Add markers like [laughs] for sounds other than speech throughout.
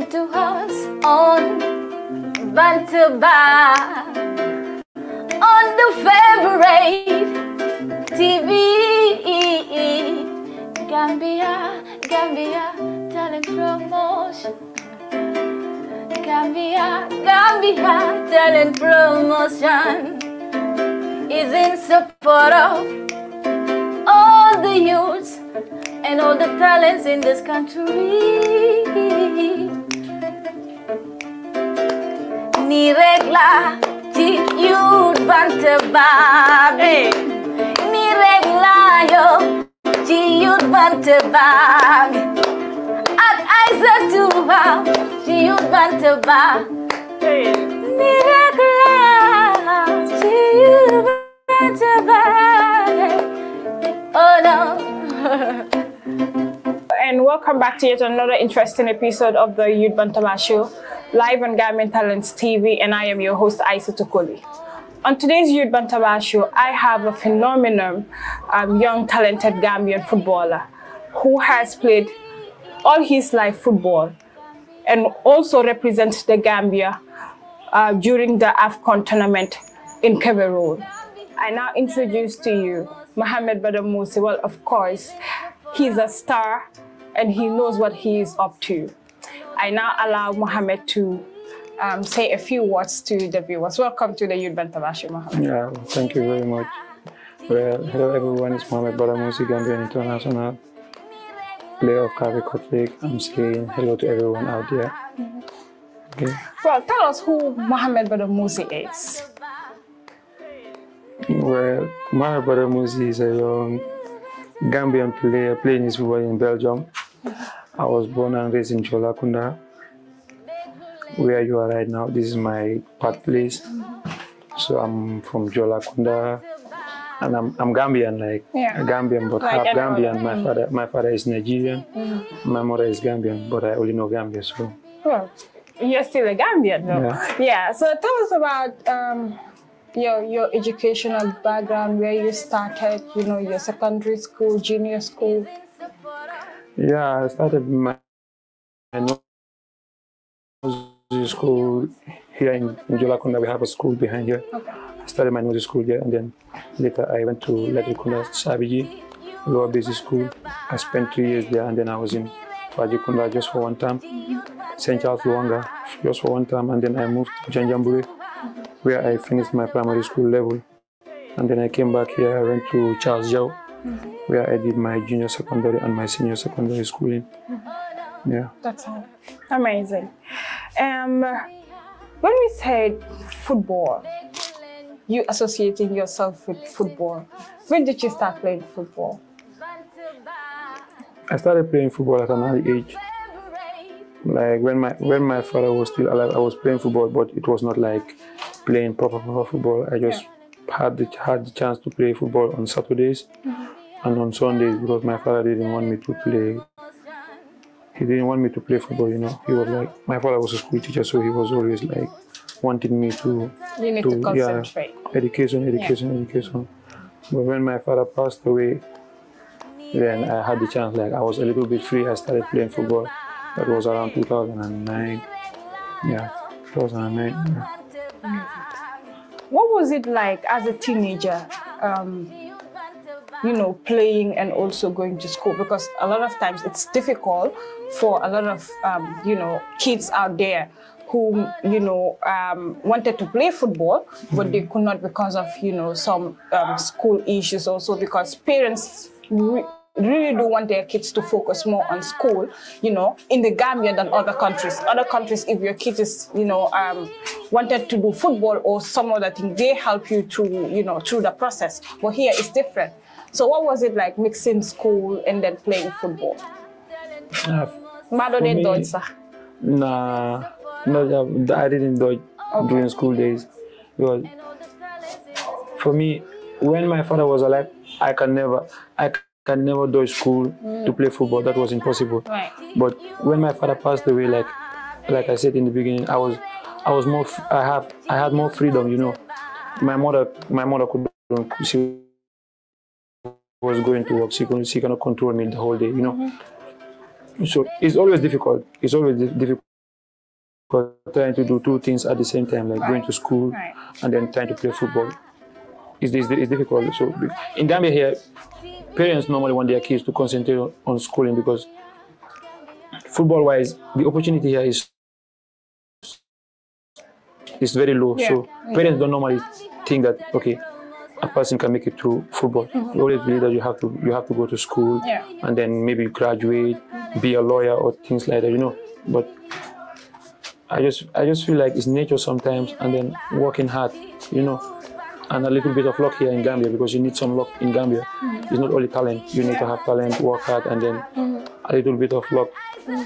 to us on Bantaba on the favorite TV Gambia, Gambia, talent promotion. Gambia, Gambia, talent promotion is in support of all the youths and all the talents in this country. Ni regla Ni regla yo Ni regla Oh no [laughs] and welcome back to yet another interesting episode of the Youth Bantama Show live on Garment Talents TV, and I am your host, Isa Tokoli. On today's Youth Bantaba show, I have a phenomenal um, young, talented Gambian footballer who has played all his life football and also represents the Gambia uh, during the AFCON tournament in Cameroon. I now introduce to you Mohamed Badamusi. Well, of course, he's a star and he knows what he is up to. I now allow Mohammed to um, say a few words to the viewers. Welcome to the Youth Bantabashi, Mohammed. Yeah, thank you very much. Well, hello everyone, it's Mohammed Baramusi, Gambian International player of Kavi League. I'm saying hello to everyone out there. okay. Well, tell us who Mohammed Baramusi is. Well, Mohammed Baramusi is a um, Gambian player playing his football in Belgium. Mm -hmm. I was born and raised in Cholakunda, where you are right now. This is my birthplace. So I'm from Jolakunda, and I'm, I'm Gambian, like yeah. Gambian, but like half Gambian. My father, my father is Nigerian, mm. my mother is Gambian, but I only know Gambia. So well, oh, you're still a Gambian, though. Yeah. yeah. So tell us about um, your your educational background, where you started, you know, your secondary school, junior school. Yeah, I started my nursery school here in, in Jolakunda. We have a school behind here. Okay. I started my nursery school there, and then later I went to Latrikunda Sabiji Lower Basic School. I spent two years there, and then I was in Fajikunda just for one time, St. Charles Luanga just for one time, and then I moved to Janjambure, where I finished my primary school level. And then I came back here, I went to Charles Yao where I did my junior secondary and my senior secondary schooling. Yeah. That's all. amazing. Um, when we said football, you associating yourself with football. When did you start playing football? I started playing football at an early age. Like when my when my father was still alive, I was playing football, but it was not like playing proper, proper football. I just yeah had the, had the chance to play football on Saturdays mm-hmm. and on Sundays because my father didn't want me to play. He didn't want me to play football, you know. He was like, my father was a school teacher, so he was always like wanting me to, to, to yeah, education, education, yeah. education. But when my father passed away, then I had the chance, like I was a little bit free. I started playing football. That was around 2009. Yeah, 2009. Yeah. Mm-hmm was it like as a teenager? Um, you know, playing and also going to school because a lot of times it's difficult for a lot of, um, you know, kids out there who, you know, um, wanted to play football, but they could not because of, you know, some um, school issues also because parents really do want their kids to focus more on school, you know, in the Gambia than other countries. Other countries, if your kid is, you know, um, wanted to do football or some other thing, they help you to, you know, through the process. But here it's different. So what was it like mixing school and then playing football? Uh, dodge, Nah, no, I didn't dodge okay. during school days. Because for me, when my father was alive, I can never, I can never do school mm. to play football. That was impossible. Right. But when my father passed away, like like I said in the beginning, I was I was more I have I had more freedom. You know, my mother my mother could she was going to work. She couldn't she cannot control me the whole day. You know, mm -hmm. so it's always difficult. It's always difficult. Trying to do two things at the same time, like right. going to school right. and then trying to play football, it's, it's, it's difficult. So in Gambia here, parents normally want their kids to concentrate on schooling because football wise the opportunity here is is very low yeah. so parents don't normally think that okay a person can make it through football mm-hmm. you always believe that you have to you have to go to school yeah. and then maybe graduate be a lawyer or things like that you know but i just i just feel like it's nature sometimes and then working hard you know and a little bit of luck here in Gambia because you need some luck in Gambia. It's not only talent. You need to have talent, work hard, and then a little bit of luck.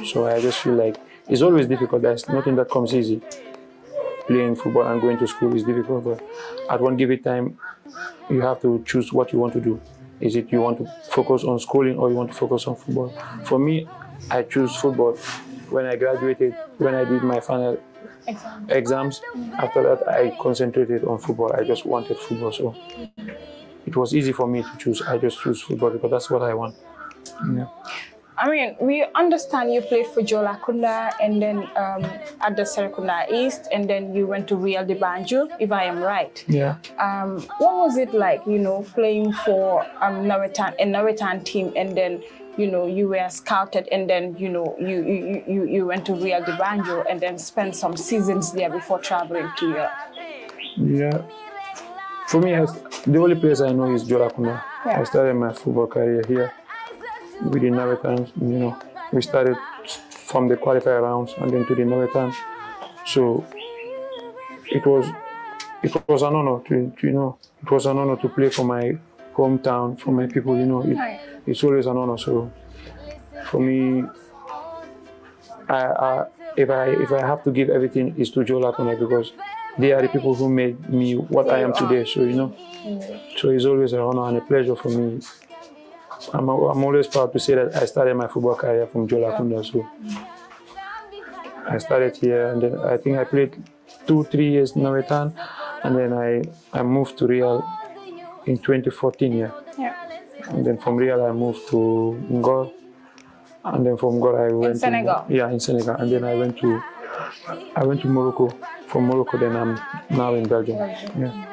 So I just feel like it's always difficult. There's nothing that comes easy. Playing football and going to school is difficult, but at one given time, you have to choose what you want to do. Is it you want to focus on schooling or you want to focus on football? For me, I choose football. When I graduated, when I did my final exams. After that, I concentrated on football. I just wanted football, so it was easy for me to choose. I just chose football because that's what I want. Yeah. I mean, we understand you played for Jolakunda and then um, at the Serikunda East, and then you went to Real de Banjo. if I am right. Yeah. Um, what was it like, you know, playing for um, Nawetan, a Nawetan team and then you know, you were scouted and then, you know, you, you, you, you went to Rio de Janeiro and then spent some seasons there before traveling to Europe? Yeah. For me, the only place I know is Jorakuna. Yeah. I started my football career here. We did Navetan, you know. We started from the qualifier rounds and then to the Navetan. So it was it was an honor to, to, you know it was an honor to play for my hometown, for my people, you know. It, it's always an honor. So for me, I, I, if I if I have to give everything, it's to Joe Latone because they are the people who made me what I am today. So you know, so it's always an honor and a pleasure for me. I'm, I'm always proud to say that I started my football career from Joe Lacunda. So I started here, and then I think I played two, three years in Norwegian, and then I, I moved to Real in 2014. Yeah. yeah and then from Riyadh I moved to Ngor, and then from Ngor I went in Senegal. To, yeah, in Senegal, and then I went to I went to Morocco. From Morocco, then I'm now in Belgium. Yeah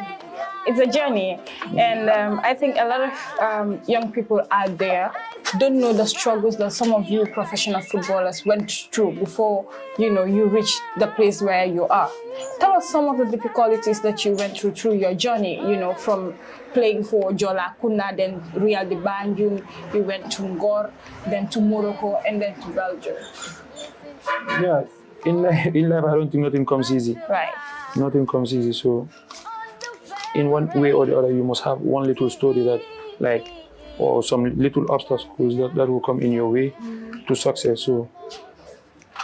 it's a journey and um, i think a lot of um, young people out there don't know the struggles that some of you professional footballers went through before you know you reach the place where you are. Tell us some of the difficulties that you went through through your journey, you know, from playing for Jola Kuna, then Real de Banjul, you went to Ngor, then to Morocco, and then to Belgium. Yeah, in life, [laughs] in life, I don't think nothing comes easy. Right. Nothing comes easy. So, in one way or the other, you must have one little story that, like, or some little obstacles that, that will come in your way to success. So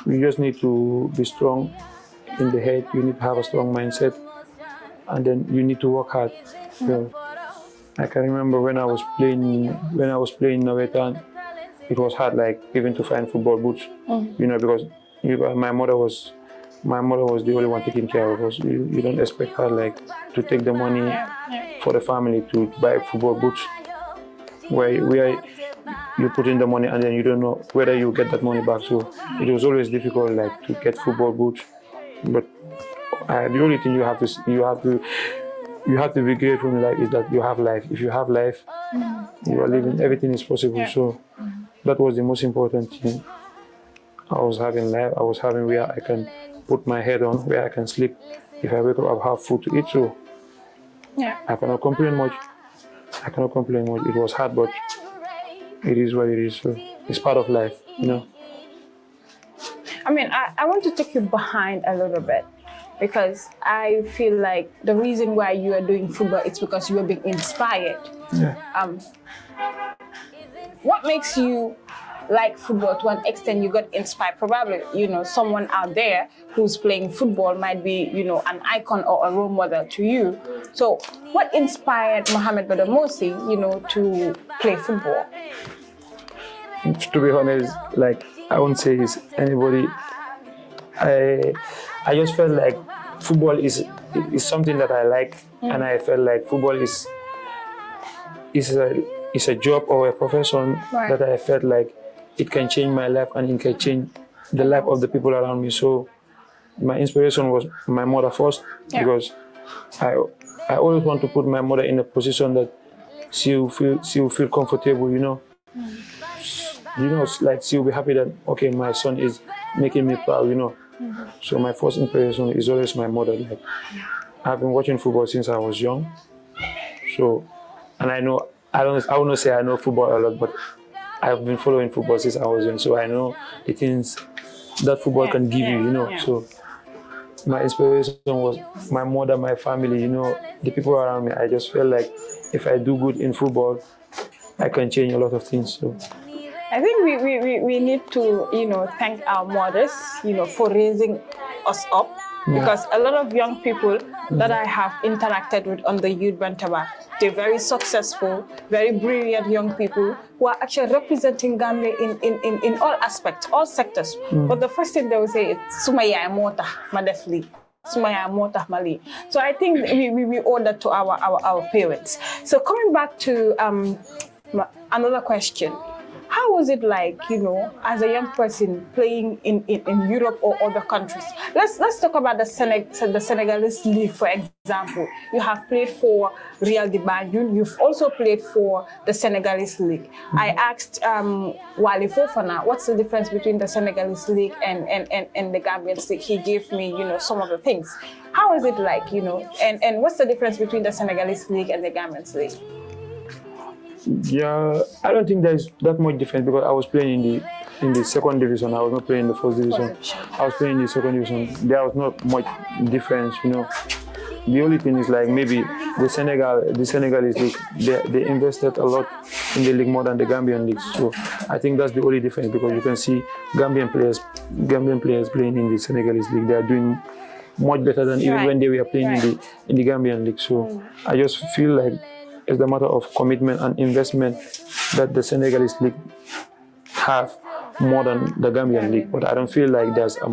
you just need to be strong in the head, you need to have a strong mindset, and then you need to work hard. I can remember when I was playing when I was playing Navetan, it was hard like even to find football boots. Mm. You know, because uh, my mother was my mother was the only one taking care of us. You, you don't expect her like to take the money Yeah. for the family to buy football boots where where you put in the money and then you don't know whether you get that money back. So it was always difficult, like to get football boots. But uh, the only thing you have to you have to you have to be grateful in life is that you have life. If you have life, mm-hmm. you are living. Everything is possible. So mm-hmm. that was the most important thing. I was having life. I was having where I can put my head on, where I can sleep. If I wake up, I have food to eat. So yeah. I cannot complain much. I cannot complain much. It was hard, but it is what it is. So it's part of life, you know. I mean, I, I want to take you behind a little bit because I feel like the reason why you are doing football is because you are being inspired. Yeah. Um, what makes you like football to an extent, you got inspired. Probably, you know, someone out there who's playing football might be, you know, an icon or a role model to you. So, what inspired Mohamed Badamosi, you know, to play football? To be honest, like I won't say he's anybody. I I just felt like football is is something that I like, mm. and I felt like football is is a is a job or a profession right. that I felt like it can change my life and it can change the life of the people around me. So my inspiration was my mother first yeah. because I I always want to put my mother in a position that she will feel she will feel comfortable, you know. Mm. You know, like she will be happy that okay, my son is making me proud, you know. Mm -hmm. So my first inspiration is always my mother. Like I've been watching football since I was young, so and I know I don't I will not say I know football a lot, but I've been following football since I was young, so I know the things that football yeah, can give yeah, you, you know. Yeah. So my inspiration was my mother, my family, you know, the people around me. I just felt like if I do good in football, I can change a lot of things. So I think we, we, we need to, you know, thank our mothers, you know, for raising us up. Because a lot of young people that mm-hmm. I have interacted with on the Youth Bantaba, they're very successful, very brilliant young people who are actually representing Gambia in, in, in, in all aspects, all sectors. Mm. But the first thing they will say is, Sumaya Mota Madefli. Sumaya Mota Mali. So I think we, we, we owe that to our, our, our parents. So coming back to um, another question how was it like, you know, as a young person playing in, in, in Europe or other countries? Let's let's talk about the, Seneg the Senegalese league, for example. You have played for Real de Banjul. You've also played for the Senegalese league. Mm -hmm. I mm-hmm. asked um, Wale Fofana, what's the difference between the Senegalese league and, and, and, and the Gambian league? He gave me, you know, some of the things. How is it like, you know, and, and what's the difference between the Senegalese league and the Gambian league? Yeah, I don't think there's that much difference because I was playing in the in the second division. I was not playing in the first division. I was playing in the second division. There was not much difference, you know. The only thing is like maybe the Senegal, the Senegalese league, they, they invested a lot in the league more than the Gambian league. So I think that's the only difference because you can see Gambian players, Gambian players playing in the Senegalese league. They are doing much better than even right. when they were playing right. in the in the Gambian league. So I just feel like is the matter of commitment and investment that the Senegalese league have more than the Gambian league. But I don't feel like there's a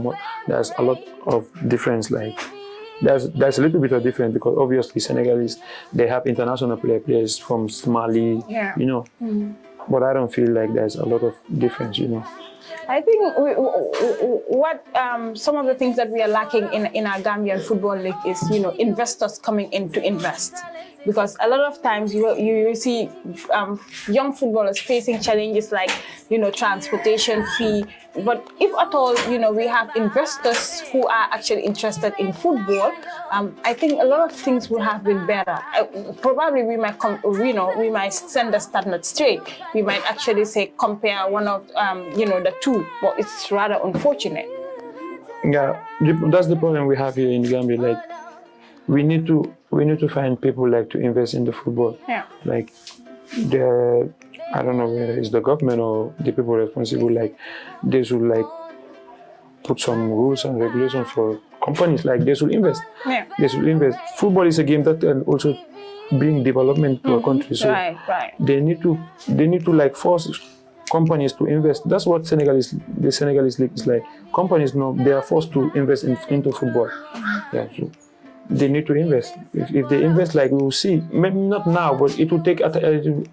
there's a lot of difference. Like there's there's a little bit of difference because obviously Senegalese they have international player, players from Mali, yeah. you know. Mm. But I don't feel like there's a lot of difference, you know. I think we, what um, some of the things that we are lacking in, in our Gambian Football League is, you know, investors coming in to invest. Because a lot of times you, you, see um, young footballers facing challenges like, you know, transportation fee. But if at all, you know, we have investors who are actually interested in football, um, I think a lot of things would have been better. Uh, probably we might, com- you know, we might send the standard straight. We might actually say compare one of, um, you know, the too. Well, it's rather unfortunate. Yeah, that's the problem we have here in Gambia. Like, we need to we need to find people like to invest in the football. Yeah. Like, the I don't know whether it's the government or the people responsible. Like, they should like put some rules and regulations for companies. Like, they should invest. Yeah. They should invest. Football is a game that and also bring development to mm -hmm. a mm-hmm. country. So right, right. they need to they need to like force companies to invest. That's what Senegalese, the Senegalese league is like. Companies know they are forced to invest in, into football. Yeah, so they need to invest. If, if, they invest, like we will see, maybe not now, but it will take a, a,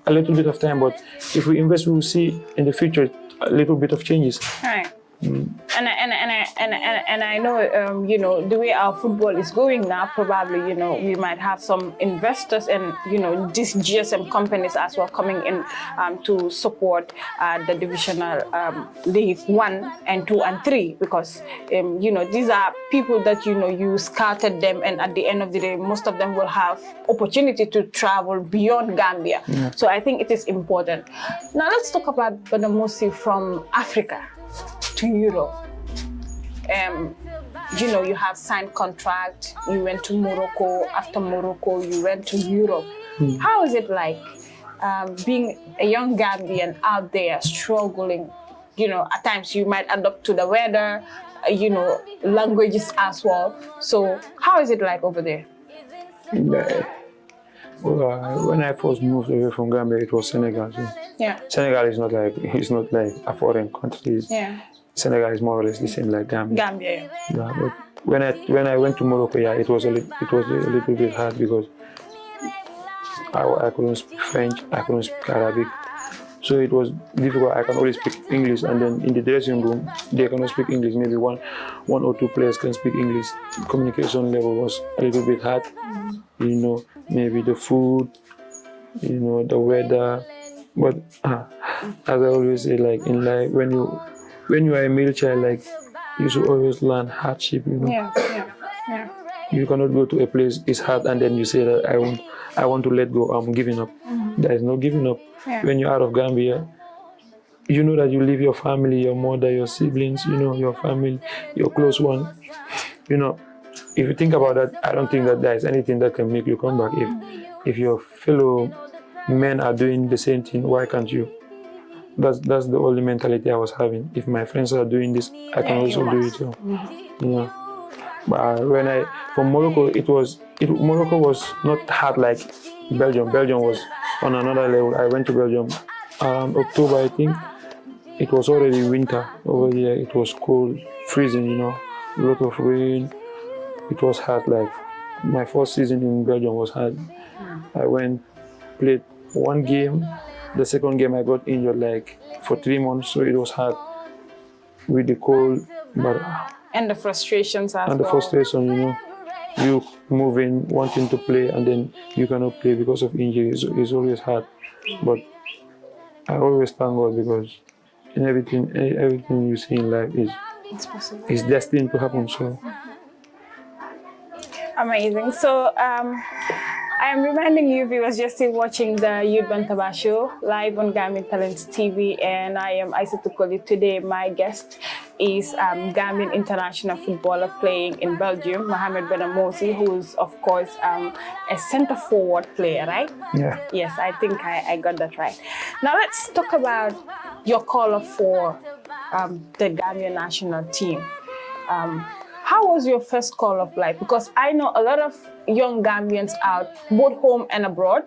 a little bit of time. But if we invest, we will see in the future a little bit of changes. All right. And, I, and, and, I, and, and, and I know, um, you know, the way our football is going now, probably, you know, we might have some investors and, you know, these GSM companies as well coming in um, to support uh, the divisional um, league one and two and three because, um, you know, these are people that, you know, you scouted them and at the end of the day, most of them will have opportunity to travel beyond Gambia. Yeah. So I think it is important. Now let's talk about Bonamusi from Africa to Europe. Um, you know, you have signed contract, you went to Morocco, after Morocco, you went to Europe. Mm. How is it like um, being a young Gambian out there struggling? You know, at times you might adapt to the weather, uh, you know, languages as well. So how is it like over there? Yeah. Well, uh, when I first moved away from Gambia, it was Senegal. So yeah. Senegal is not like it's not like a foreign country. yeah. Senegal is more or less the same like Gambia. Gambia, yeah. yeah but when I when I went to Morocco, yeah, it was a it was a little bit hard because I, I couldn't speak French, I couldn't speak Arabic, so it was difficult. I can only speak English, and then in the dressing room, they cannot speak English. Maybe one, one or two players can speak English. Communication level was a little bit hard. You know, maybe the food, you know, the weather. But uh, as I always say, like in life, when you when you are a male child, like you should always learn hardship, you know. Yeah, yeah, yeah. You cannot go to a place it's hard and then you say that I want I want to let go, I'm giving up. Mm -hmm. There is no giving up. Yeah. When you're out of Gambia, you know that you leave your family, your mother, your siblings, you know, your family, your close one. You know, if you think about that, I don't think that there is anything that can make you come back. If if your fellow men are doing the same thing, why can't you? That's that's the only mentality I was having. If my friends are doing this, I can also do it too. You know. But uh, when I from Morocco, it was it, Morocco was not hard like Belgium. Belgium was on another level. I went to Belgium um, October, I think. It was already winter over here. It was cold, freezing. You know, a lot of rain. It was hard Like My first season in Belgium was hard. I went played one game the second game I got injured like for three months, so it was hard with the cold, but and the frustrations as and well. the frustration, you know, you moving, wanting to play, and then you cannot play because of injury. It's, it's always hard, but I always thank God because in everything, everything you see in life is it's possible. It's destined to happen. So amazing. So. Um, I am reminding you viewers you still watching the Youth Bantaba show live on Garmin Talents TV and I am Isa Tukoli. Today my guest is um, Gambian international footballer playing in Belgium, Mohamed Benamosi, who is of course um, a centre forward player, right? Yeah. Yes, I think I, I got that right. Now let's talk about your call up for um, the Gambian national team. Um, how was your first call of life? Because I know a lot of young Gambians out, both home and abroad,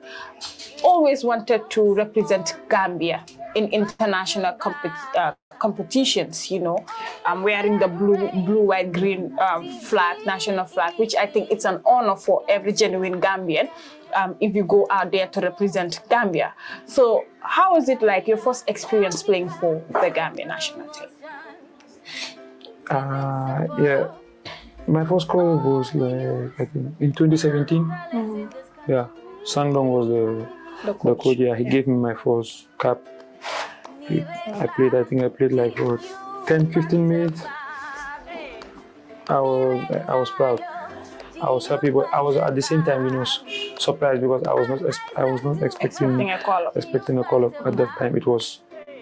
always wanted to represent Gambia in international compet uh, competitions, you know, um, wearing the blue, blue, white, green um, flag, national flag, which I think it's an honor for every genuine Gambian um, if you go out there to represent Gambia. So how was it like your first experience playing for the Gambia national team? Uh, yeah, my first call was like in 2017. Mm. Mm-hmm. Yeah, Sangdong was the the coach. The coach yeah, he yeah. gave me my first cap. He, I played. I think I played like what, 10, 15 minutes. I was I was proud. I was happy, but I was at the same time, you know, surprised because I was not I was not expecting expecting a call up. Expecting a call up at that time. It was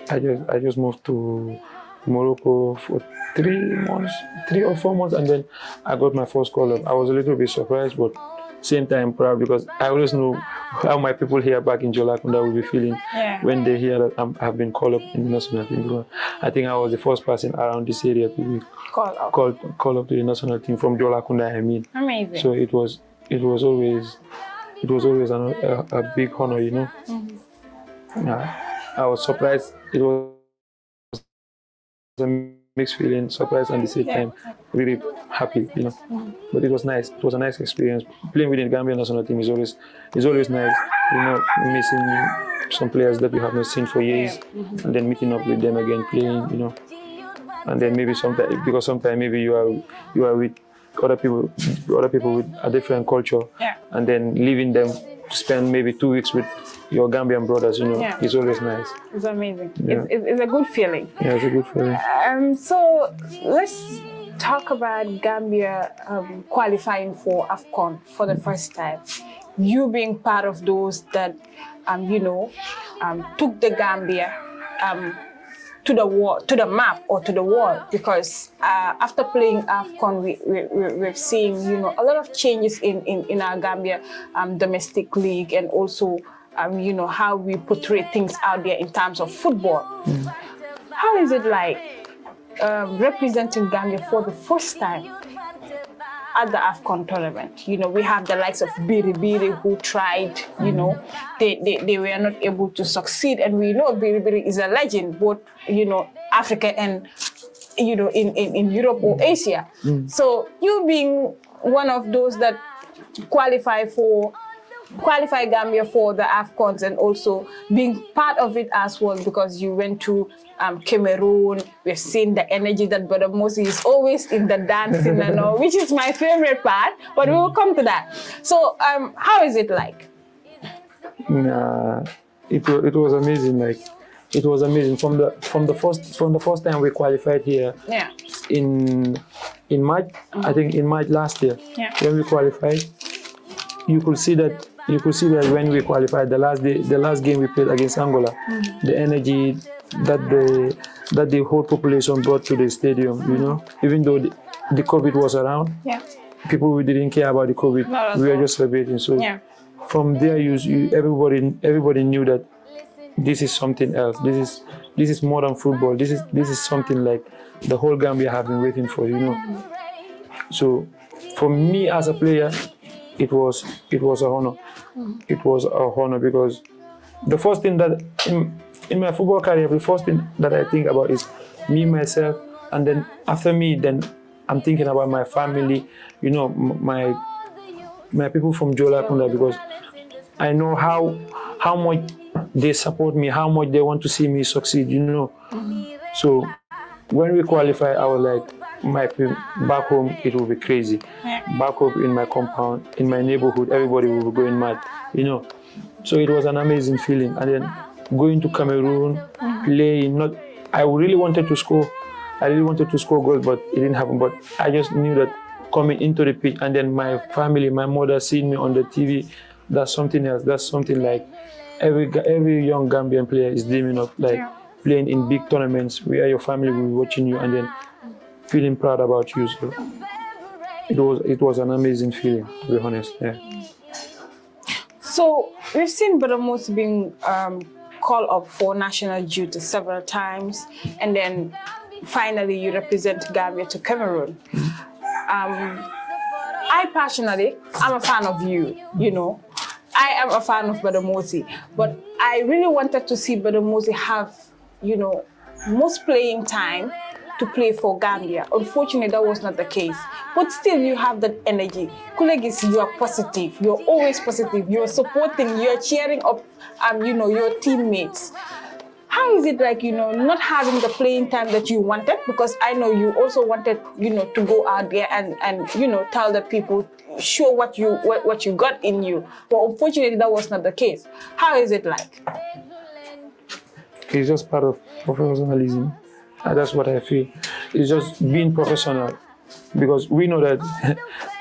I just I just moved to Morocco for three months, three or four months, and then I got my first call up. I was a little bit surprised, but same time proud because I always know how my people here back in Jolakunda will be feeling yeah. when they hear that i have been called up in the national team. I think I was the first person around this area to be called up, called, called up to the national team from Jolakunda. I mean, amazing. So it was it was always it was always an, a, a, big honor, you know. Mm -hmm. I, I was surprised. It was a mixed feeling, surprised and the same time really happy, you know. But it was nice. It was a nice experience. Playing with the Gambian national team is always is always nice. You know, missing some players that you have not seen for years, and then meeting up with them again, playing, you know. And then maybe sometimes because sometimes maybe you are you are with other people, other people with a different culture, yeah. and then leaving them, to spend maybe two weeks with your Gambian brothers, you know, yeah. it's always nice. It's amazing. Yeah. It's, it's, a good feeling. Yeah, it's a good feeling. Um, so let's talk about Gambia um, qualifying for AFCON for the first time. You being part of those that, um, you know, um, took the Gambia um, to the world, to the map or to the world because uh, after playing AFCON, we, we, we've seen you know a lot of changes in, in, in our Gambia um, domestic league and also um, you know, how we portray things out there in terms of football. Mm. How is it like um, representing Gambia for the first time at the AFCON tournament. You know, we have the likes of Biri Biri who tried, you know, they, they, they were not able to succeed. And we know Biri Biri is a legend, both, you know, Africa and, you know, in, in, in Europe or Asia. Mm. So you being one of those that qualify for qualify Gambia for the AFCONs and also being part of it as well because you went to um, Cameroon. We've seen the energy that Brother Mosi is always in the dancing and all, which is my favorite part, but we will come to that. So um, how is it like? Nah, it, it was amazing. Like it was amazing from the from the first from the first time we qualified here. Yeah. In in March, mm -hmm. I mm-hmm. think in March last year, yeah. when we qualified, you could see that you could see that when we qualified the last day, the last game we played against Angola, mm. the energy that the that the whole population brought to the stadium, you know, even though the, the COVID was around, yeah. people didn't care about the COVID. we were just celebrating. So yeah. from there, you, you, everybody everybody knew that this is something else. This is this is more than football. This is this is something like the whole Gambia have been waiting for, you know. So for me as a player, it was it was a honor. Mm-hmm. It was a honor because the first thing that in, in my football career, the first thing that I think about is me myself, and then after me, then I'm thinking about my family. You know, my my people from Jolapunda because I know how how much they support me, how much they want to see me succeed. You know, mm-hmm. so when we qualify, I was like my back home it will be crazy back home in my compound in my neighborhood everybody will be going mad you know so it was an amazing feeling and then going to cameroon mm. playing not i really wanted to score i really wanted to score goals but it didn't happen but i just knew that coming into the pitch and then my family my mother seeing me on the tv that's something else that's something like every every young gambian player is dreaming of like playing in big tournaments where your family will be watching you and then feeling proud about you. So it was it was an amazing feeling, to be honest. Yeah. So we've seen Badamos being um, called up for national duty several times, and then finally you represent Gambia to Cameroon. Um, I personally, I'm a fan of you, you know. I am a fan of Badamosi, but I really wanted to see Badamosi have, you know, most playing time to play for Gambia. Unfortunately, that was not the case. But still, you have that energy. Colleagues, you are positive. You're always positive. You're supporting. You're cheering up, um, you know, your teammates. How is it like, you know, not having the playing time that you wanted? Because I know you also wanted, you know, to go out there and, and you know, tell the people, show what you what, what you got in you. But unfortunately, that was not the case. How is it like? It's just part of professionalism and ah, that's what I feel. It's just being professional because we know that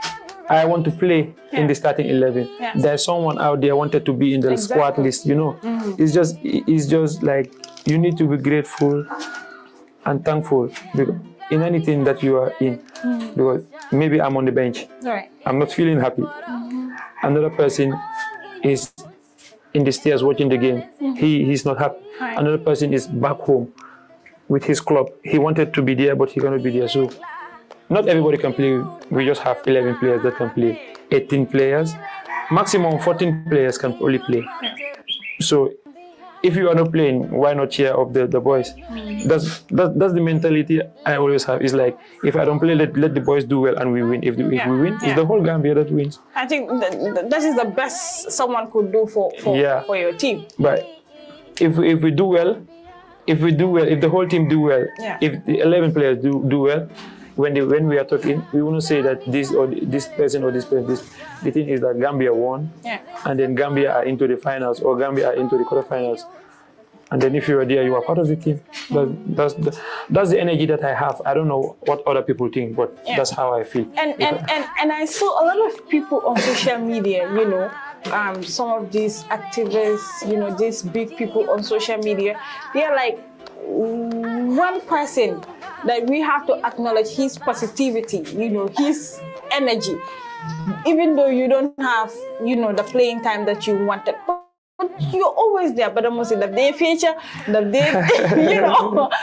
[laughs] I want to play yeah. in the starting 11. Yeah. There's someone out there wanted to be in the exactly. squad list, you know. Mm. It's just it's just like you need to be grateful and thankful in anything that you are in. Mm. Because maybe I'm on the bench. Right. I'm not feeling happy. Mm. Another person is in the stairs watching the game. He he's not happy. Right. Another person is back home with his club. He wanted to be there, but he cannot be there. So not everybody can play. We just have 11 players that can play, 18 players. Maximum 14 players can only play. So if you are not playing, why not cheer up the, the boys? That's, that, that's the mentality I always have. It's like, if I don't play, let, let the boys do well and we win. If, the, if yeah, we win, yeah. it's the whole Gambia that wins. I think that is the best someone could do for, for, yeah. for your team. But if, if we do well, if we do well, if the whole team do well, yeah. if the 11 players do, do well, when they, when we are talking, we wouldn't say that this or this person or this person. This, the thing is that Gambia won, yeah. and then Gambia are into the finals or Gambia are into the quarterfinals. And then if you are there, you are part of the team. That, that's, the, that's the energy that I have. I don't know what other people think, but yeah. that's how I feel. And and, I, and and I saw a lot of people on social media, you know, um, some of these activists, you know, these big people on social media, they are like one person that we have to acknowledge his positivity, you know, his energy, even though you don't have, you know, the playing time that you wanted. But you're always there, but I'm saying that they feature, that they, you know. [laughs]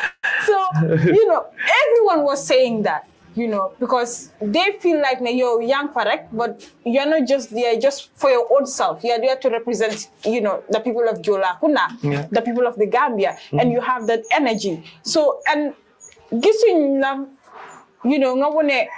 So, you know, everyone was saying that you know, because they feel like you're young for it, but you're not just there just for your own self. You're there to represent, you know, the people of Jola Kuna, yeah. the people of the Gambia, mm. and you have that energy. So, and gisuñ la, you know, nga wone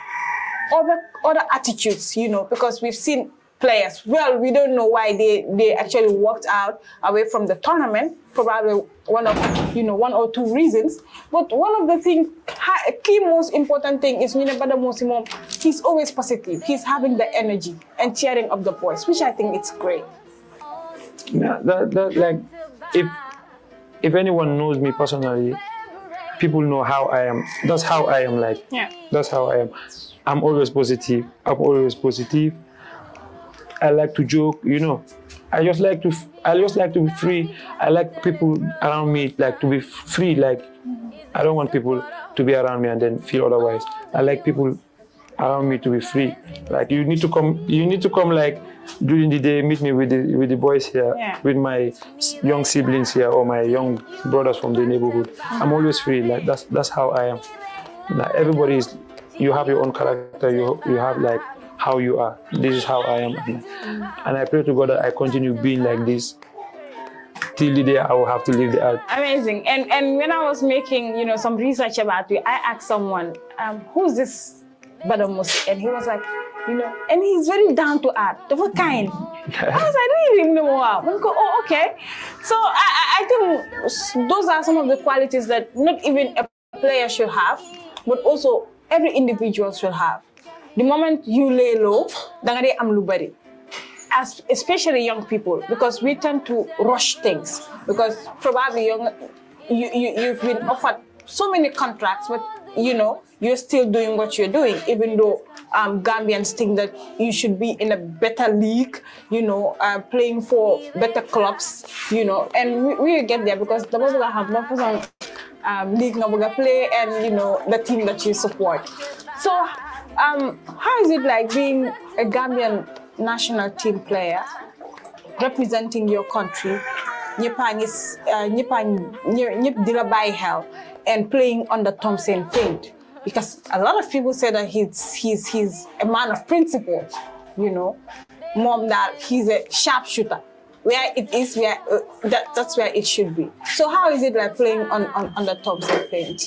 other, other attitudes, you know, because we've seen players. Well, we don't know why they, they actually walked out away from the tournament. Probably one of you know one or two reasons. But one of the things, key most important thing is Minabada Mosimom. He's always positive. He's having the energy and cheering up the boys, which I think it's great. Yeah, that, that like if if anyone knows me personally, people know how I am. That's how I am like. Yeah. That's how I am. I'm always positive. I'm always positive. I like to joke, you know. I just like to I just like to be free. I like people around me like to be free. Like I don't want people to be around me and then feel otherwise. I like people around me to be free. Like you need to come you need to come like during the day meet me with the with the boys here, yeah. with my young siblings here or my young brothers from the neighborhood. I'm always free. Like that's that's how I am. Now everybody is you have your own character, you you have like how you are. This is how I am. And I pray to God that I continue being like this till the day I will have to leave the earth. Amazing. And and when I was making, you know, some research about you, I asked someone, um, who's this Brother Musi? And he was like, you know, and he's very down to earth, of a kind. I was like, really? No, go, Oh, okay. So I, I think those are some of the qualities that not even a player should have, but also every individual should have the moment you lay low da nga am as especially young people because we tend to rush things because probably young, you, you you've been offered so many contracts but you know you're still doing what you're doing even though um, Gambians think that you should be in a better league you know uh, playing for better clubs you know and we, we get there because the ones that have more for on um, league nga play and you know the team that you support so um, how is it like being a Gambian national team player, representing your country, uh, and playing on the Thompson field? Because a lot of people say that he's, he's, he's a man of principle, you know, mom that he's a sharpshooter. Where it is, where uh, that, that's where it should be. So how is it like playing on, on, on the Thompson field?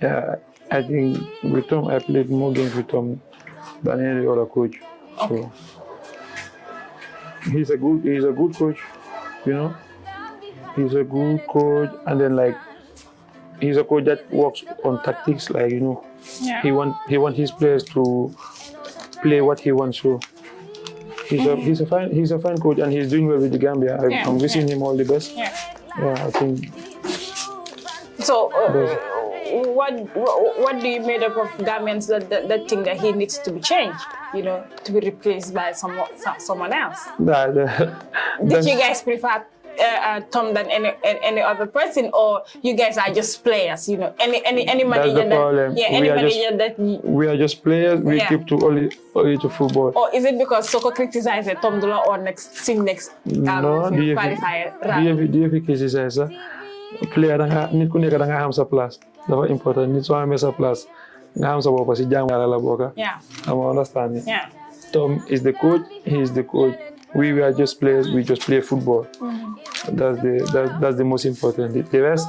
Yeah, I think with Tom, I played more games with Tom than any other coach. Okay. So he's a good he's a good coach, you know. He's a good coach, and then like he's a coach that works on tactics, like you know. Yeah. He want he want his players to play what he wants to. So he's a he's a fine he's a fine coach, and he's doing well with the Gambia. I, am wishing yeah. him all the best. Yeah. Yeah, I think. So. Uh, what what do you made up of garments that, that, that thing that he needs to be changed, you know, to be replaced by someone someone else? That, uh, Did you guys prefer uh, uh, Tom than any any other person, or you guys are just players? You know, any any any manager that yeah, any we manager just, that you, we are just players. We yeah. keep to only only to football. Or is it because Soko criticized Tom Dula or next thing next do no, qualifier? DFB, DFB criticized player. Nit ku nekk da nga xam sa place dafa important nit soo amee sa place nga xam sa bopp si jàng yàlla la Yeah. am understanding. Tom is the coach. He is the coach. We are just players. We just play football. Mm-hmm. That's the that, that's the most important. The rest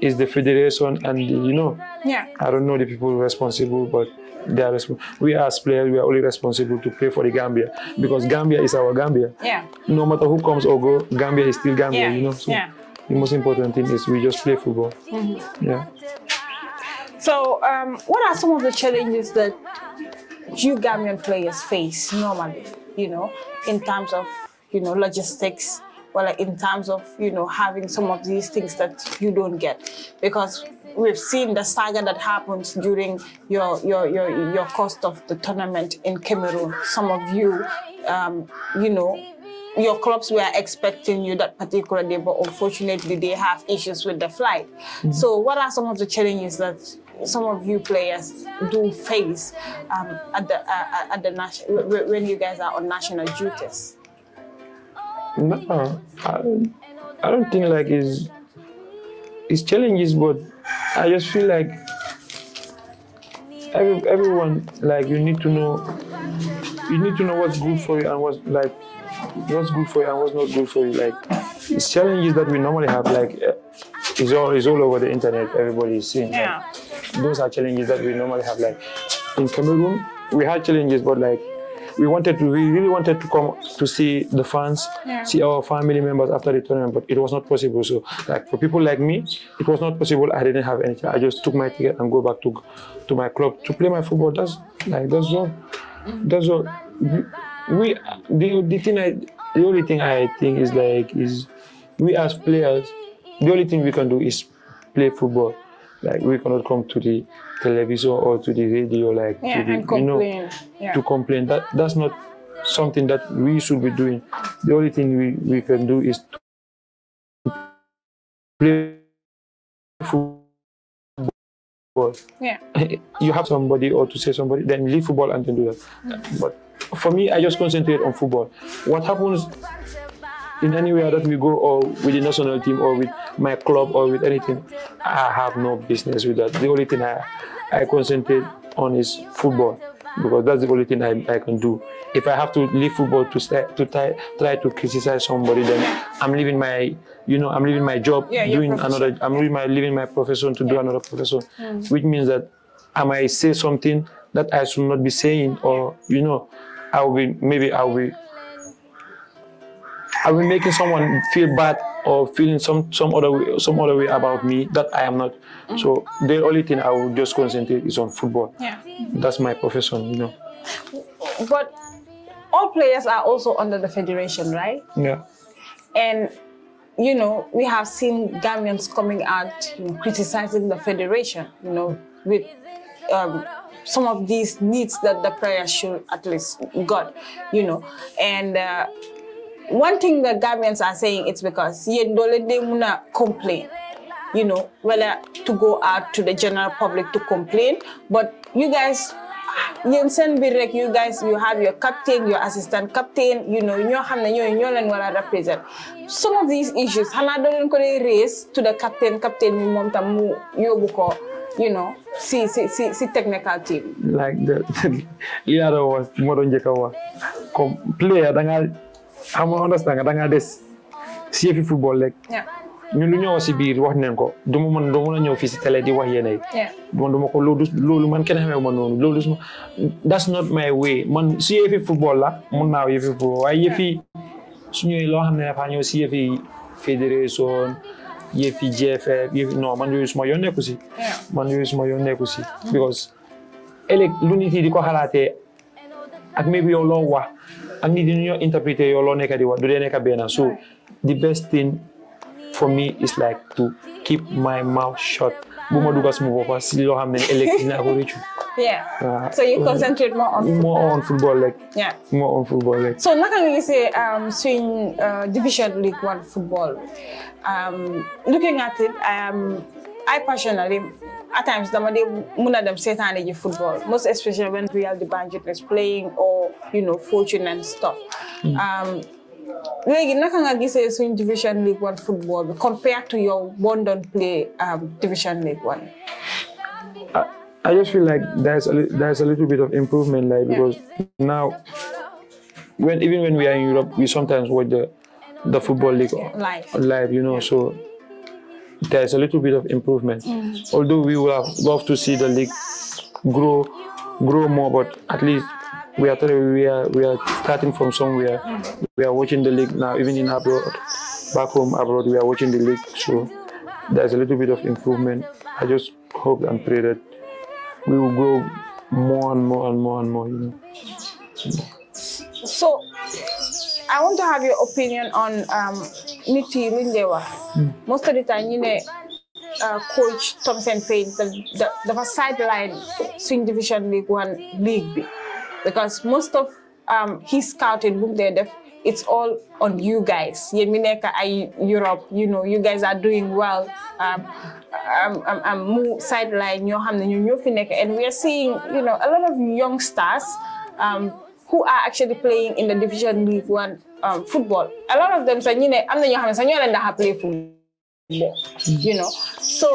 is the federation and the, you know. Yeah. I don't know the people responsible, but they are responsible. We as players, we are only responsible to play for the Gambia because Gambia is our Gambia. Yeah. No matter who comes or go, Gambia is still Gambia. Yeah. You know. So yeah the most important thing is we just play football. Mm-hmm. Yeah. So, um, what are some of the challenges that you Gambian players face normally? You know, in terms of you know logistics, or like in terms of you know having some of these things that you don't get, because we've seen the saga that happens during your your your your cost of the tournament in Cameroon. Some of you, um, you know, your clubs were expecting you that particular day, but unfortunately they have issues with the flight. Mm -hmm. So what are some of the challenges that some of you players do face um, at the uh, uh at the national when you guys are on national duties? No, I, I don't think like it's it's challenges, but I just feel like every, everyone like you need to know you need to know what's good for you and what's like what's good for you and what's not good for you. Like it's challenges that we normally have, like eh, it's all it's all over the internet. Everybody is seeing. Yeah. Like, those are challenges that we normally have. Like in Cameroon, we had challenges, but like we wanted to, we really wanted to come to see the fans, yeah. see our family members after the tournament, but it was not possible. So, like for people like me, it was not possible. I didn't have anything. I just took my ticket and go back to to my club to play my football. That's like that's all. That's all we the, the thing I the only thing I think is like is we as players the only thing we can do is play football. Like we cannot come to the television or to the radio like yeah, to the, and complain. you know yeah. to complain. That that's not something that we should be doing. The only thing we, we can do is to play football. Yeah. [laughs] you have somebody or to say somebody, then leave football and then do that. Mm -hmm. But for me, I just concentrate on football. What happens in anywhere that we go or with the national team or with my club or with anything, I have no business with that. The only thing I, I concentrate on is football because that's the only thing I, I can do. If I have to leave football to to try, try to criticize somebody, then I'm leaving my you know I'm leaving my job yeah, doing another I'm leaving my leaving my profession to yeah. do another profession, mm. which means that I might say something that I should not be saying or you know I will be maybe I will be I will be making someone feel bad or feeling some some other way, some other way about me that I am not. Mm -hmm. So the only thing I will just concentrate is on football. Yeah, that's my profession, you know. But all players are also under the federation, right? Yeah. And you know, we have seen Gambians coming out you know, criticizing the federation, you know, with um, some of these needs that the prayer should at least got, you know. And uh, one thing the Gambians are saying it's because yendole de muna complain, you know, whether to go out to the general public to complain, but you guys Yensen Birek, you guys, you have your captain, your assistant captain, you know, you know, you know, you know, represent. Some of these issues, Hana don't raise to the captain, captain, mom, tamu, yobuko, you know si si si si technical team like the li [laughs] iya, was mo don jeka wa comme player da ya, nga xam understand da des si football like. yeah ñu lu ñëw ci biir wax nañ ko duma man do mëna ñëw fi ci télé di wax yene bon duma ko lolu lolu man kenn xamé ma nonu lolu that's not my way man ci yefi football la mën naaw yefi football waaye yefi su ñëwee loo xam ne dafa ñëw ci yefi fédération EFGFF, EF, no, man yooyu suma yoon nekku si. man yooyu suma yoon nekku si. because ëllëg lu nit yi di ko xalaatee ak maybe yow loo wax ak nit yi ñoo interpréter yow loo nekk di wax du dee nekk so the best thing for me is like to keep my mouth shut. bu ma dugal suma bopp si loo xam ne ëllëg ko réccu. Yeah. Uh, so you uh, concentrate more on football. more on football Like, yeah. More on football league. Like. So naka nga say, um, swing uh, division league one football. um, looking at it, um, I personally, at times, one of them certainly you football, most especially when Real the Bandit is playing or, you know, fortune and stuff. Mm. Um, Legi, naka nga gisee suñ Division League One football compared to your one don't play um, Division League One? I, I just feel like there's a, there's a little bit of improvement, like because yeah. now, when even when we are in Europe, we sometimes watch the the football league life, you know. So there's a little bit of improvement. Mm. Although we would have loved to see the league grow, grow more, but at least we are we are we are starting from somewhere. Mm. We are watching the league now, even in abroad, back home abroad, we are watching the league. So there's a little bit of improvement. I just hope and pray that we will grow more and more and more and more. You know. I want to have your opinion on nit um, yi hmm. most of the time ñu ne uh, coach Thompson the dafa sideline Swing division league one league B. because most of um, his scouting bu mu it's all on you guys. Yemineka, Europe, you know, you guys are doing well. Um, am um, I'm sideline, and we are seeing, you know, a lot of young stars um, who are actually playing in the Division League One um, football. A lot of them say, you know, I'm the Yohanan, so you're not play football, you know. So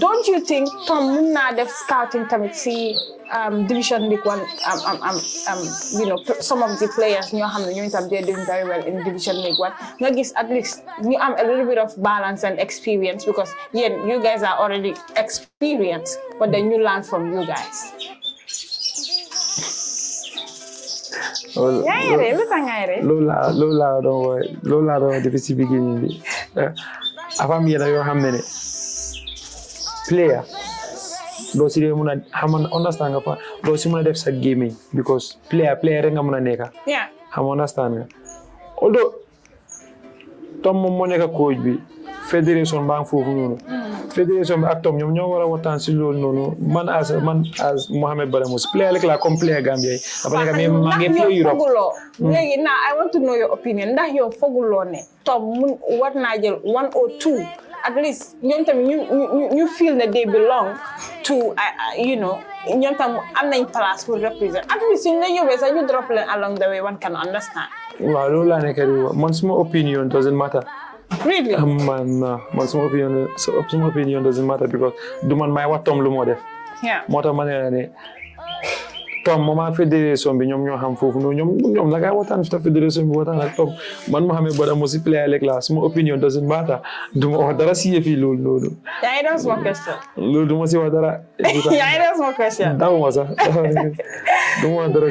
don't you think Tom Muna def scouting committee, um, Division League One, um, um, um, um, you know, some of the players ñoo xam they're doing very well in Division League One. Nga at least ñu am a little bit of balance and experience because yeah, you guys are already experienced, but then you learn from you guys. yaa ngi rey lu loolu laa loolu laa doon woowee loolu laa bi eh, afam yoo xam ne ne player doo si dee mun a xaman understand nga fa doo si mun a def sa gaming because player player rek nga mun a nekk. xam understand nga Tom moom moo nekk coach bi fédération baa ngi foofu fédération bi ak Tom ñoom ñoo war a waxtaan si loolu noonu man as man as Mohamed Badamoss player rek laa comme player Gambia yi. a nekk mais maa ngi play Europe hmm. léegi I want to know your opinion ndax yow foguloo ne Tom mun war naa jël one or two at least ñoom tam ñu ñu ñu feel ne they belong to uh, you know ñoom tam am nañ place represent at least suñ la yóbbee sax ñu drop leen along the way one can understand. waaw loolu laa nekk man suma opinion doesn't matter. Really? Um, man, nah. Uh, but some opinion, some opinion doesn't matter because the man my what Tom Lumode. Yeah. Mota man toog moment fédération bi ñoo xam fédération bi ak man play avec la opinion doesn't matter wax dara question. wax dara. [laughs] question. [laughs] wax dara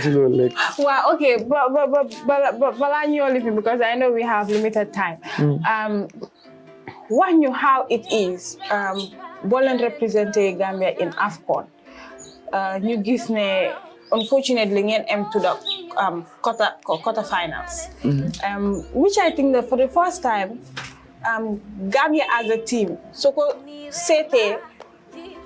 ok ba ba ba because I know we have limited time. Mm. Um, wax ñu how it is um, boo leen Gambia in AFCON ñu uh, gis ne unfortunately ngeen am to the um, quarter quarterfinals. Mm -hmm. um, which I think that for the first time, um, Gambia as a team so ko at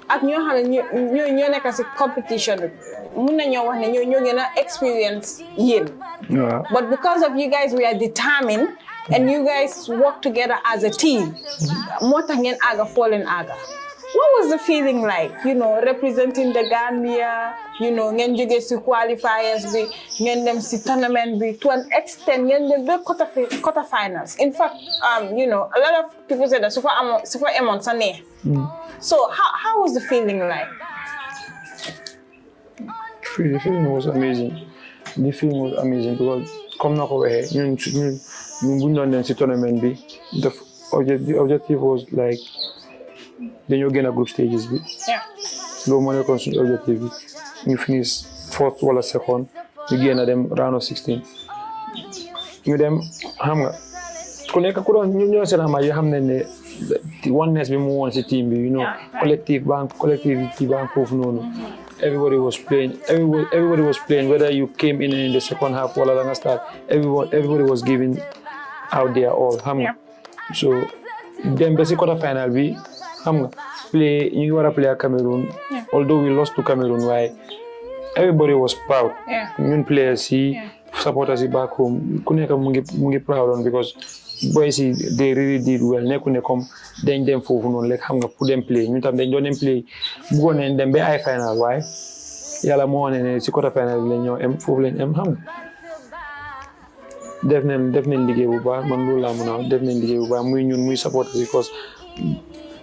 ak ñoo xam ne ñoo ñoo nekk competition Muna mun nañoo wax ne ñoo experience yéen. waaw but because of you guys we are determined. and you guys work together as a team. Mm-hmm. moo tax aga, àgga aga what was the feeling like you know representing the Gambia you know ngeen jógee si qualifiers bi ngeen dem tournament to an extent ngeen dem ba quarter quarter finals in fact um, you know a lot of people said that so far, so far, I'm sa neex hmm. so how, how was the feeling like the feeling was amazing the feeling was amazing because comme na you know, you know, you know, dem si tournament bi the objective was like then you dañoo a group stages bi. loolu moo nekkoon suñu objectif bi ñu finish fourth wala second ñu génn them round of sixteen You them xam nga ku nekk ku doon ñu ñoo team bi you know collective bank collective bank foofu no. everybody was playing everybody, everybody was playing whether you came in in the second half wala la start everyone everybody was giving out their all xam so then basically quarter final bi xam nga play ñu ngi war a play ak Cameroon although we lost to Cameroon waaye everybody was proud ñun players yi supporters yi back home ku nekk mu ngi mu ngi proud on because boys yi they really did well nekku ne comme dañ dem foofu xam nga pour dem play ñun tam dañ doon dem play bëggoon nañ dem ba ay final waaye yàlla moo ne ne si côté final bi lañ ñëw em foofu lañ em xam nga def nañ def nañ liggéey bu baax man loolu laa mën a def nañ liggéey bu baax muy ñun muy supporters because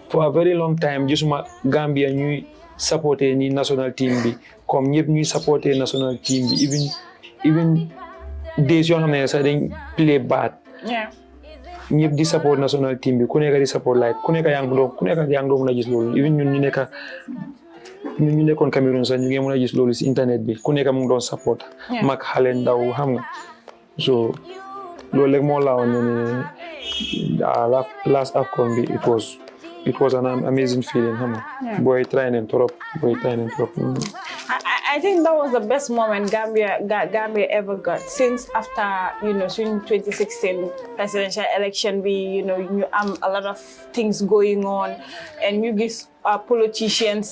for a very long time gisuma Gambia ñuy supporté ni national team bi comme ñëpp ñuy supporté national team bi even even days yoo xam ne sax dañ play bad ñëpp di support national team bi ku nekk di support light ku nekk yaa ngi doon ku nekk yaa ngi loolu even ñun ñu nekk ñun ñu nekkoon Cameroon sax ñu ngi mën a gis loolu si internet bi ku nekk mu ngi doon support mag xale ndaw xam nga so loolu rek moo laawoon ne ne ah, last AFCON bi it was it was an amazing feeling. Yeah. Boy training trop, boy training trop. Mm. I, I think that was the best moment Gambia Gambia ever got since after you know since 2016 presidential election. We you know um, a lot of things going on, and you guys uh, politicians,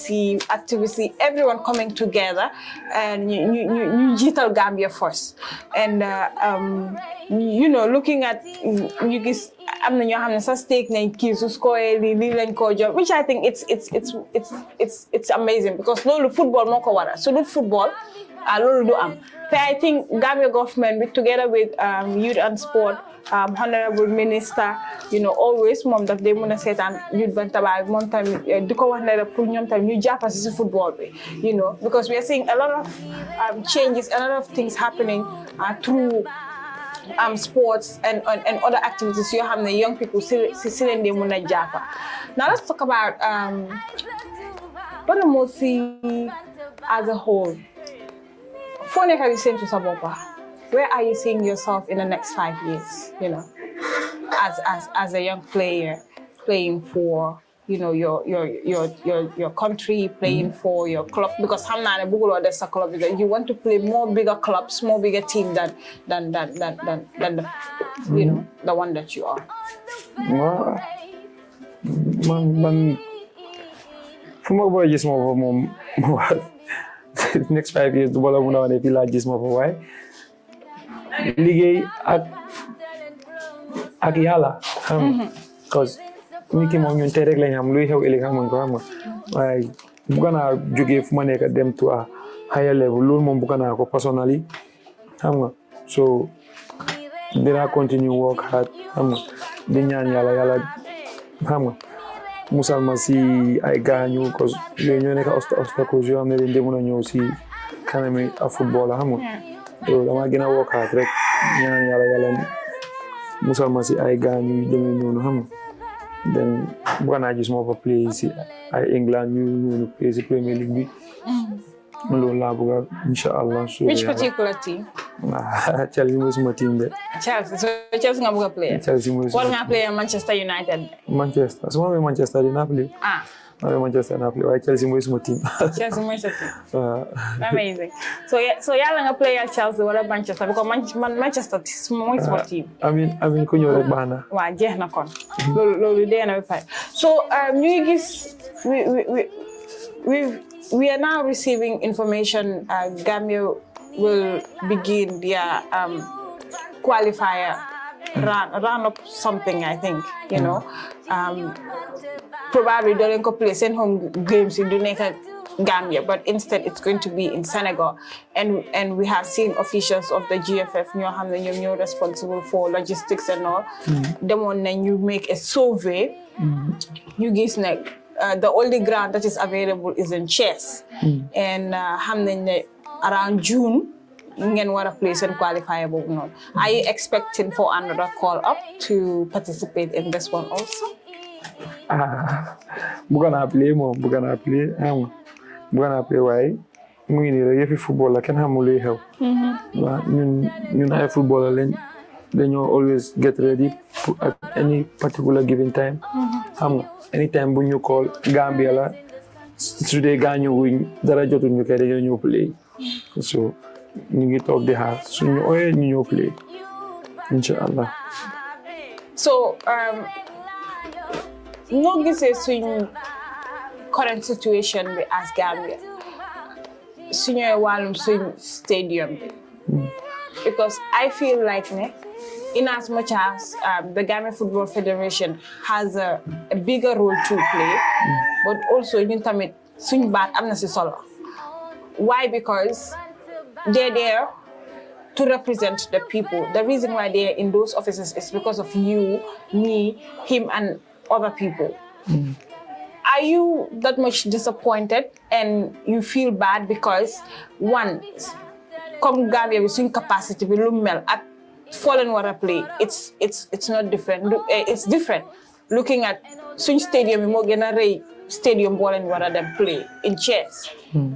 activists, everyone coming together and new, you, you digital Gambia first. And, uh, um, you know, looking at, you guys, am na ñoo xam ne sax stake nañ kii su scorer lii lii lañ koo jox which I think it's it's it's it's it's it's amazing because loolu football moo ko waral su dul football loolu du am I think Gambia government together with um, youth and sport um, honorable minister you know always that they wanna a seetaan youth Bantaba ak moom tamit eh, di ko wax ne rek pour ñoom tamit football way, you know because we are seeing a lot of um, changes a lot of things happening uh, through um, sports and, and, and, other activities you have the young people in the moon a Japa. Now let's talk about um Baramosi as a whole foo are di séntu sa bopp where are you seeing yourself in the next five years you know as as as a young player playing for you know your your your your, your country playing mm for your club because I'm not a Google that's a club you want to play more bigger clubs more bigger team than than than than than, than the, mm you know mm-hmm. the one that you are well, man, man, for my boy, just more, more, more. [laughs] next five years du ma la mun a wane laa gis ma fa waaye liggéey ak ak yàlla xam mm-hmm. cause nit ki moom ñun tey rek lañ xam luy xew ëllëg xamuñ ko xam waaye bëgg naa jógee fu ma nekk dem to a higher level loolu moom bëgg naa ko personally xam nga so dina continue work hard xam nga di ñaan yàlla yàlla xam musal ma si ay gaañu cause yooyu ñoo nekk obstacles yoo xam ne dañ dee na a ñëw si kanami a football xam nga hmm. loolu a wokkaat rek ñaan yàlla yàlla musal ma si ay gaañu yu demee xam nga den bëgg naa gis moo ay England ñu ñëw play si Premier League bi hmm. loolu laa bëgg incha allah. which Ah, Chelsea mosuma team de. Chelsea, so Chelsea nga buga player. Chelsea mosuma. Wal nga player Manchester United. Manchester, suma me Manchester di Napoli. Ah. Mara Manchester Napoli, why Chelsea mosuma team. Chelsea mosuma team. Uh. Amazing. So yeah, so yala nga player Chelsea wala Manchester because Man Man Manchester mosuma uh, ah, team. I mean, I kunyo rek bana. Wa jeex na kon. Lolu lolu de na fay. So um ñu gis we we we we've, we are now receiving information uh, Gambia will begin their uh, um, qualifier run up something, I think, you know. Um, probably during a play send home games in Duneka, Gambia, but instead it's going to be in Senegal. And and we have seen officials of the GFF, New Hamlin, you responsible for logistics and all. Mm-hmm. The one then you make a survey, mm-hmm. you give like uh, the only ground that is available is in chess. Mm. And uh, around June ngeen war placed play seen qualifier boobu noonu are you expecting for another call up to participate in this one also ah, bëggoon naa play moom bëggoon naa play xam nga bëggoon naa play waaye mu ngi nii rek yëfi football la kenn xamul luy xew mm-hmm. waaw ñun ñun ay footballer lañ dañoo always get ready at any particular given time mm-hmm. xam nga any time bu ñu call Gambia la su dee gaañu wuñ dara jotul ñu kay dañoo ñëw play so ñu ngi toog di xaar suñu ooyee ñu ñëw play incha allah. so um, noo gisee suñ current situation bi as Gambia suñu wàllum suñ stadium bi. Hmm. because I feel like ne. in as much as um, the Ghana Football Federation has a, a bigger role to play, mm. but also ñun tamit suñ baat am solo. Why? Because they're there to represent the people. The reason why they're in those offices is because of you, me, him, and other people. Mm. Are you that much disappointed and you feel bad because one, come Gambia with capacity, we look at Fallen water play it's it's it's not different eh, it's different looking at Swing stadium yi moo gën stadium fallen water than play in chess hmm.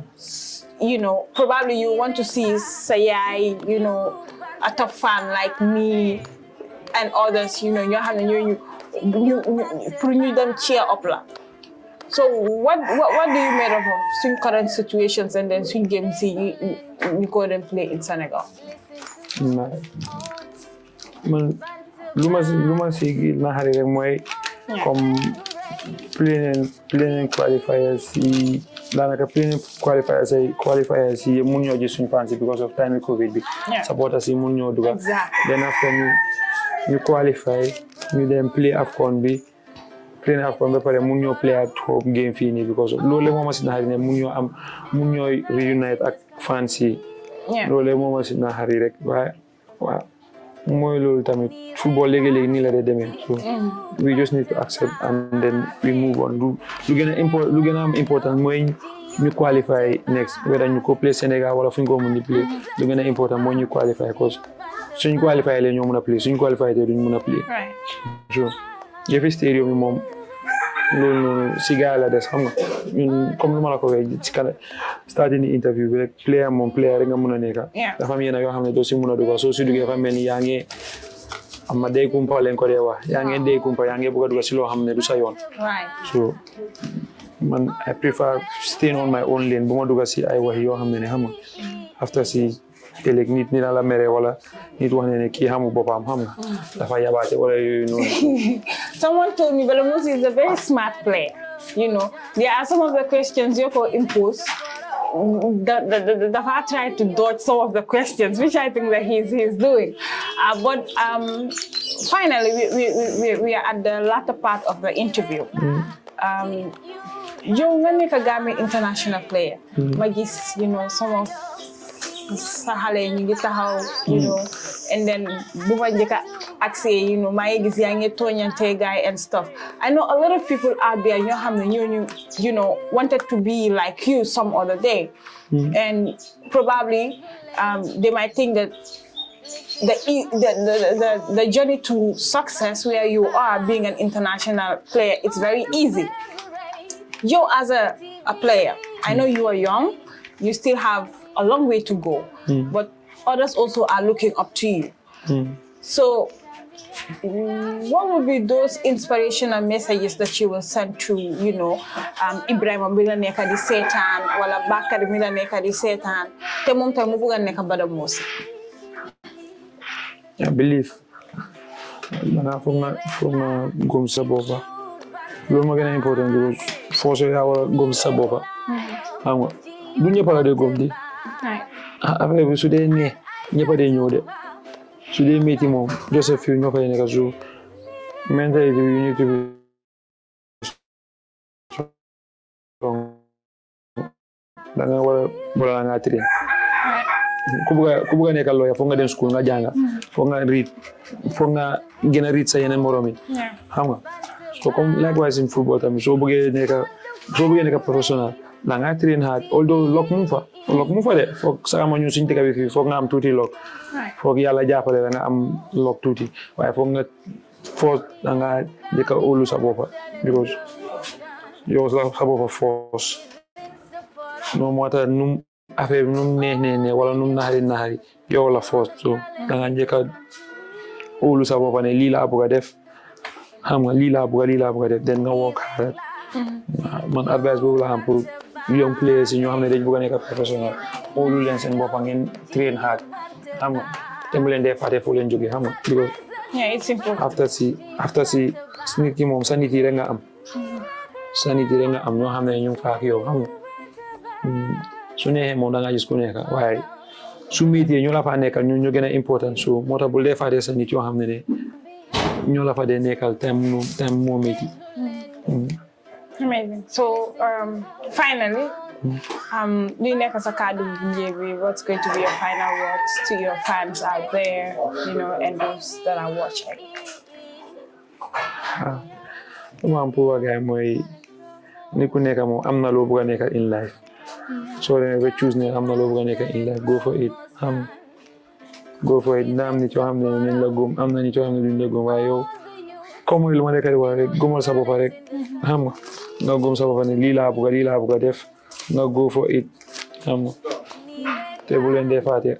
you know probably you want to see sayai. you know a top fan like me and others you know ñoo xam you you you them cheer up la so what what, what do you make of swing current situations and then suñ games you you go and play in Senegal man lu ma lu ma si naxari rek mooy comme plénen plénen qualifiers si daanaka plénen qualifiers ay mun ñoo gis fansi because of time covid bi supporters yi mun ñoo dugal then after ñu ñu qualify ñu dem play afcon bi play afcon ba pare mun ñoo play at home game fii nii because loolu le naxari ne mun ñoo am mun ñooy reunite ak fansi loolee moo ma si naxari rek waaye waaw mooy loolu tamit football léegi-léegi nii la dee demee so mm. we just need to accept and then we move on lu lu gën a lu gën a am important mooy ñu qualify next whether ñu ko play Sénégal wala fu ñu ko mën di lu gën a important mooy ñu qualify cause suñ qualify la ñoo mën a suñ qualify te ñu mën a play so yëfi stadium moom loolu Siga la des xam nga ñun comme lu ma la ko ci kala stade ni interview bi rek player ya. moom player rek nga mën a nekk. dafa am yenn yoo xam ne doo si mën a dugal ni ama day kumpa len ko dee wax yaa day kumpa yaa ngi bëgg a dugal si loo du sa yoon. so man I prefer staying on my own lane bu ma si ay wax yoo xam ne xam nga after si. nit la mere wala nit wax ne xam nga dafa wala someone told me Belamuzi is a very smart player. you know there are some of the questions you could impose the, the, the, the heart tried to dodge some of the questions, which I think that he's, he's doing. Uh, but um, finally, we, we, we, we, are at the latter part of the interview. Mm. Um, you're a Gami international player. Mm. Magis, you know, some of Sahale, you get ngi taxaw you hmm. know and then bu fa njëkk accès you know maa ngi gis yaa ngi tooñante gaay and stuff I know a lot of people out there ñoo xam ne ñooñu you know wanted to be like you some other day hmm. and probably um, they might think that the, the, the, the, journey to success where you are being an international player, it's very easy. You as a, a player, I know hmm. you are young, you still have a long way to go, mm. but others also are looking up to you. Mm. So, what would be those inspirational messages that you will send to, you know, um, Ibrahim Milaneka di Satan, wala Bakar Milaneka di Satan, te mom tay mu badamosi. I believe mana foog nga foog nga gëm sa boppa loolu moo gën a important because force yaa war a gëm sa hmm. di ah affaire bi su dee nee ñëpp a dee ñëw de su dee métti moom Joseph fii ñoo koy nekk suuf mentalité nga war a boolaa nga train ku bëgg a ku bëgg a foog nga dem school nga jàng foog nga read foog nga gën a read sa yeneen morom yi xam nga so comme likewise in football tamit soo bëggee nekk soo bëggee nekk professionnel na ngaa train hard although lock mu fa lock mu fa de foog sax ma ñu suñ tega a fii foog nga tuuti lock foog yàlla jàppale la nga am lock tuuti waaye foog nga force sa boppa because yow sa boppa force no moo bi num wala num naxari naxari yow la force so njëkka óolu sa boppa ne lii laa bëgg a def xam nga lii a lii laa bëgg a def den nga work hard mm-hmm. man advice boobu la ñu dem players yi ñoo xam ne dañ bëgg a nekk professionnel óolu leen seen bopp ngeen train hard xam nga te mu leen dee fàtte foo leen jóge xam nga because after si after si nit moom sa nit yi nga am sa rek nga am ñoo xam ne ñu ngi faak yow xam su neexee moom da nga gis ku nekk waaye su métier ñoo la fa nekkal ñu ñu gën a important so moo tax bu dee fàtte sa yoo xam ne de ñoo la fa dee nekkal time moom moo métti Amazing. So um, finally, um, Nina Kasakadu Njeri, what's going to be your final words to your fans out there, you know, and those that are watching? Ah, Mampuwa guy moy ni ku nekk moom am na loo bëgg a nekk in life soo a ba choose ne am na loo bëgg a nekk in life go for it am go for it na am nit yoo xam ne nañ la góom am na nit yoo xam ne duñ la góom waaye yow comme li ma nekk di wax rek góomal sa bopp rek xam No go for lila buga lila buga def No go for it xam nga te bu leen defaatee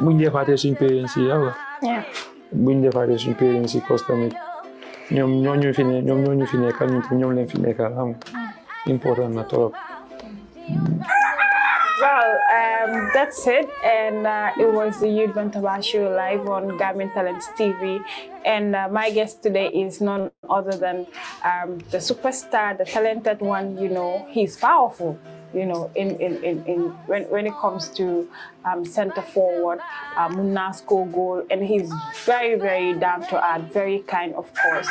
buñ defaatee in parents yi xam nga buñ defaatee suñ parents yi cause tamit ñoom ñoo ñu fi ne ñoom ñoo ñu fi nekkal ñun tam ñoom leen um, that's it. And uh, it was the Youth Bantaba Show live on Garmin Talent TV. And uh, my guest today is none other than um, the superstar, the talented one. You know, he's powerful. You know, in, in, in, in when, when it comes to um, center forward, uh, Munna score goal, and he's very, very down to earth, very kind, of course.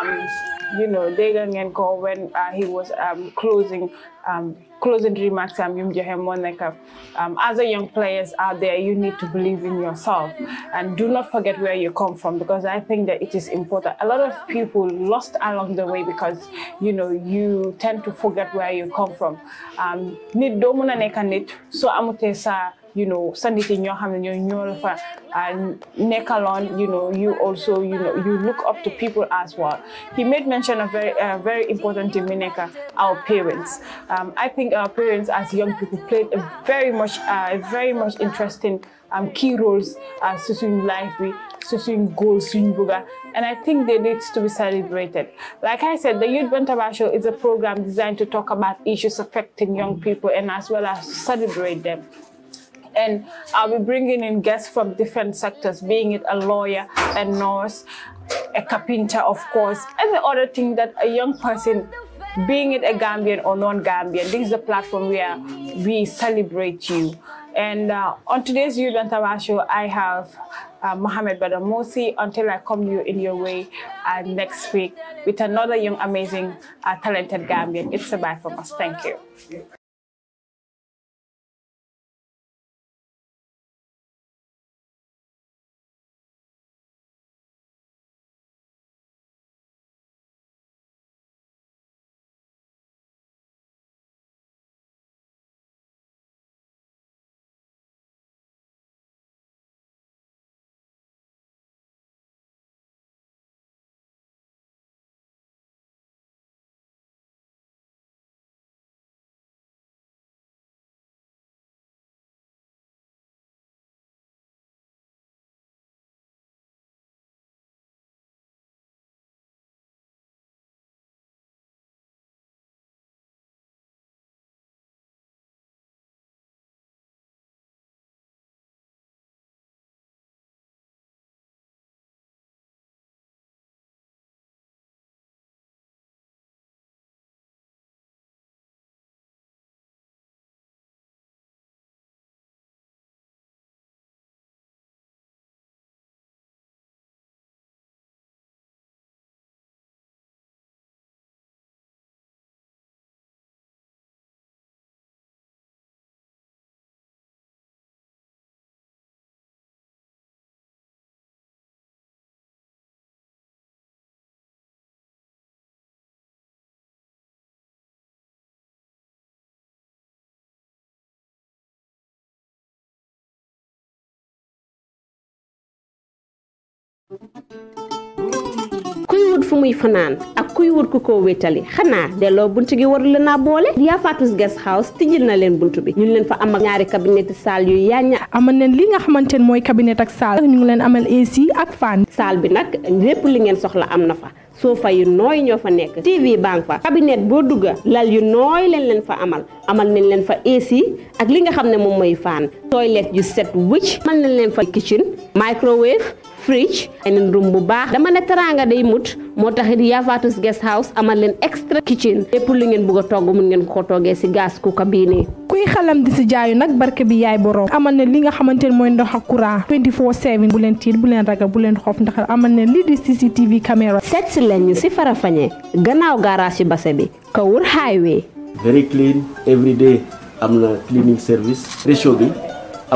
Um, you know, Degang and Go when uh, he was um, closing um, closing remarks am um, yum joxe um, as a young players out there you need to believe in yourself and do not forget where you come from because I think that it is important a lot of people lost along the way because you know you tend to forget where you come from um, nit sa you know send it in your hand, your ñoo ñoo and neck ah, nekkaloon you know you also you know you look up to people as well he made mention of very uh, very important to Mineka our parents um, I think our parents as young people played a very much uh, very much interesting um, key roles uh, to life with to swing goals in Buga, and I think they need to be celebrated like I said the Youth Bantaba Show is a program designed to talk about issues affecting young people and as well as celebrate them and I'll be bringing in guests from different sectors, being it a lawyer, a nurse, a carpenter, of course, and the other thing that a young person being it a Gambian or non-Gambian, this is a platform where we celebrate you. And uh, on today's Yulenta show, I have uh, Mohamed Badamosi until I come you in your way uh, next week with another young, amazing, uh, talented Gambian. It's a bye from us. Thank you. kuy wut fu muy fanaan ak kuy wut ku ko wéetali xanaa delloo bunt gi waru leen a boole yaa Fatou Guest House tijjil na leen bunt bi ñu leen fa am ak ñaari cabinet saal yu yaañña amal leen li nga xamante ne mooy cabinet ak saal ñu ngi leen amal ak fan saal bi nag lépp li ngeen soxla am na fa sofa yu ñoo fa nekk TV banque fa cabinet boo dugga lal yu nooy leen leen fa amal amal nañ leen fa AC ak li nga xam ne moom mooy faan toilette yu set wëcc amal nañ leen fa kitchen microwave fridge beneen bu baax dama ne teraanga day mut moo tax taxit Yavaatous guest house amal leen extra kitchen lépp lu ngeen bugg a togg mun ngeen ko toggee si gaas cooker bii nii kuy xalam di si jaayu nag barke bi yaay borom amal ne li nga xamante ne mooy ndox ak courant 24/7 bu leen tiit bu leen ragal bu leen xoof ndax amal ne lii di CCTV caméra seet si leen ñu si fañe gannaaw garage yi base bi Kawur highway very clean every day am na cleaning service réchaud bi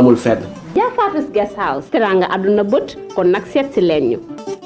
amul fenn Fatou Guest House teranga àdduna bët kon nag seet si leen ñu